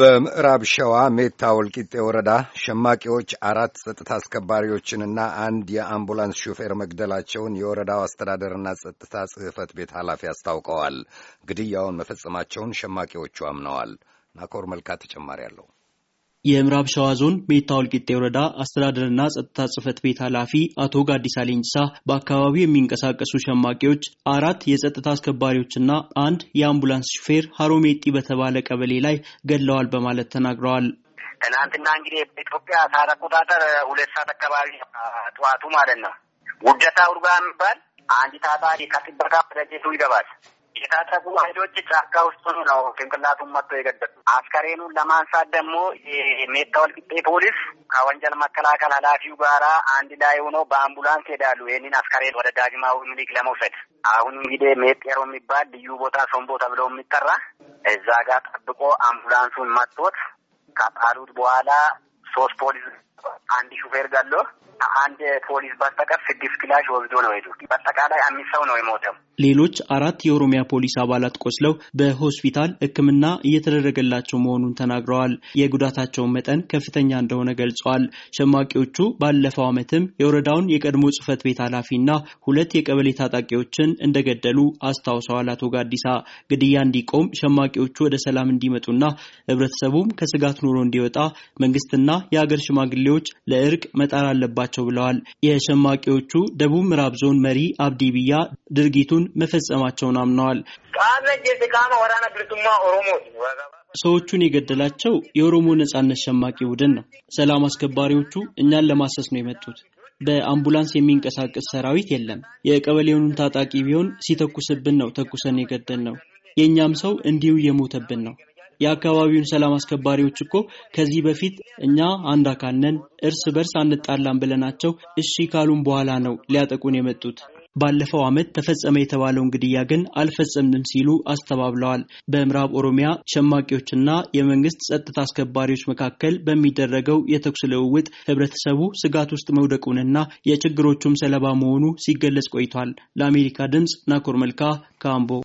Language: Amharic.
በምዕራብ ሸዋ ሜታ ወልቂጤ ወረዳ ሸማቂዎች አራት ጸጥታ አስከባሪዎችንና አንድ የአምቡላንስ ሹፌር መግደላቸውን የወረዳው አስተዳደርና ጸጥታ ጽሕፈት ቤት ኃላፊ አስታውቀዋል። ግድያውን መፈጸማቸውን ሸማቂዎቹ አምነዋል። ናኮር መልካ ተጨማሪ አለው። የምዕራብ ሸዋ ዞን ሜታ ወልቂጤ ወረዳ አስተዳደርና ጸጥታ ጽህፈት ቤት ኃላፊ አቶ ጋዲሳ ሌንጅሳ በአካባቢው የሚንቀሳቀሱ ሸማቂዎች አራት የጸጥታ አስከባሪዎችና አንድ የአምቡላንስ ሹፌር ሀሮሜጢ በተባለ ቀበሌ ላይ ገድለዋል በማለት ተናግረዋል። ትናንትና እንግዲህ በኢትዮጵያ ሰዓት አቆጣጠር ሁለት ሰዓት አካባቢ ጠዋቱ ማለት ነው። ውደታ ውርጋ የሚባል አንድ ታጣቂ ከጥበቃ ወደ ይገባል። የታጠቁ ኃይሎች ጫካ ውስጡ ነው ጭንቅላቱን መጥቶ የገደሉ። አስከሬኑን ለማንሳት ደግሞ የሜታ ወልቂጤ ፖሊስ ከወንጀል መከላከል ኃላፊው ጋራ አንድ ላይ ሆነው በአምቡላንስ ሄዳሉ ይህንን አስከሬን ወደ ዳግማዊ ምኒልክ ለመውሰድ። አሁን እንግዲህ ሜጤሮ የሚባል ልዩ ቦታ ሶምቦ ተብሎ የሚጠራ እዛ ጋር ጠብቆ አምቡላንሱን መጥቶት ከጣሉት በኋላ ሶስት ፖሊስ አንድ ሹፌር ጋለ አንድ ፖሊስ በስተቀር ስድስት ክላሽ ወስዶ ነው ሄዱ። በአጠቃላይ አምስት ሰው ነው የሞተው። ሌሎች አራት የኦሮሚያ ፖሊስ አባላት ቆስለው በሆስፒታል ሕክምና እየተደረገላቸው መሆኑን ተናግረዋል። የጉዳታቸውን መጠን ከፍተኛ እንደሆነ ገልጸዋል። ሸማቂዎቹ ባለፈው ዓመትም የወረዳውን የቀድሞ ጽህፈት ቤት ኃላፊና ሁለት የቀበሌ ታጣቂዎችን እንደገደሉ አስታውሰዋል። አቶ ጋዲሳ ግድያ እንዲቆም ሸማቂዎቹ ወደ ሰላም እንዲመጡና ህብረተሰቡም ከስጋት ኑሮ እንዲወጣ መንግስትና የአገር ሽማግሌዎች ለእርቅ መጣር አለባቸው ብለዋል። የሸማቂዎቹ ደቡብ ምዕራብ ዞን መሪ አብዲ ድርጊቱን መፈጸማቸውን አምነዋል። ሰዎቹን የገደላቸው የኦሮሞ ነጻነት ሸማቂ ቡድን ነው። ሰላም አስከባሪዎቹ እኛን ለማሰስ ነው የመጡት። በአምቡላንስ የሚንቀሳቀስ ሰራዊት የለም። የቀበሌውንም ታጣቂ ቢሆን ሲተኩስብን ነው ተኩሰን የገደል ነው። የእኛም ሰው እንዲሁ የሞተብን ነው። የአካባቢውን ሰላም አስከባሪዎች እኮ ከዚህ በፊት እኛ አንድ አካል ነን፣ እርስ በርስ አንጣላም ብለናቸው እሺ ካሉን በኋላ ነው ሊያጠቁን የመጡት። ባለፈው ዓመት ተፈጸመ የተባለውን ግድያ ግን አልፈጸምንም ሲሉ አስተባብለዋል። በምዕራብ ኦሮሚያ ሸማቂዎችና የመንግስት ጸጥታ አስከባሪዎች መካከል በሚደረገው የተኩስ ልውውጥ ህብረተሰቡ ስጋት ውስጥ መውደቁንና የችግሮቹም ሰለባ መሆኑ ሲገለጽ ቆይቷል። ለአሜሪካ ድምፅ ናኮር መልካ ካምቦ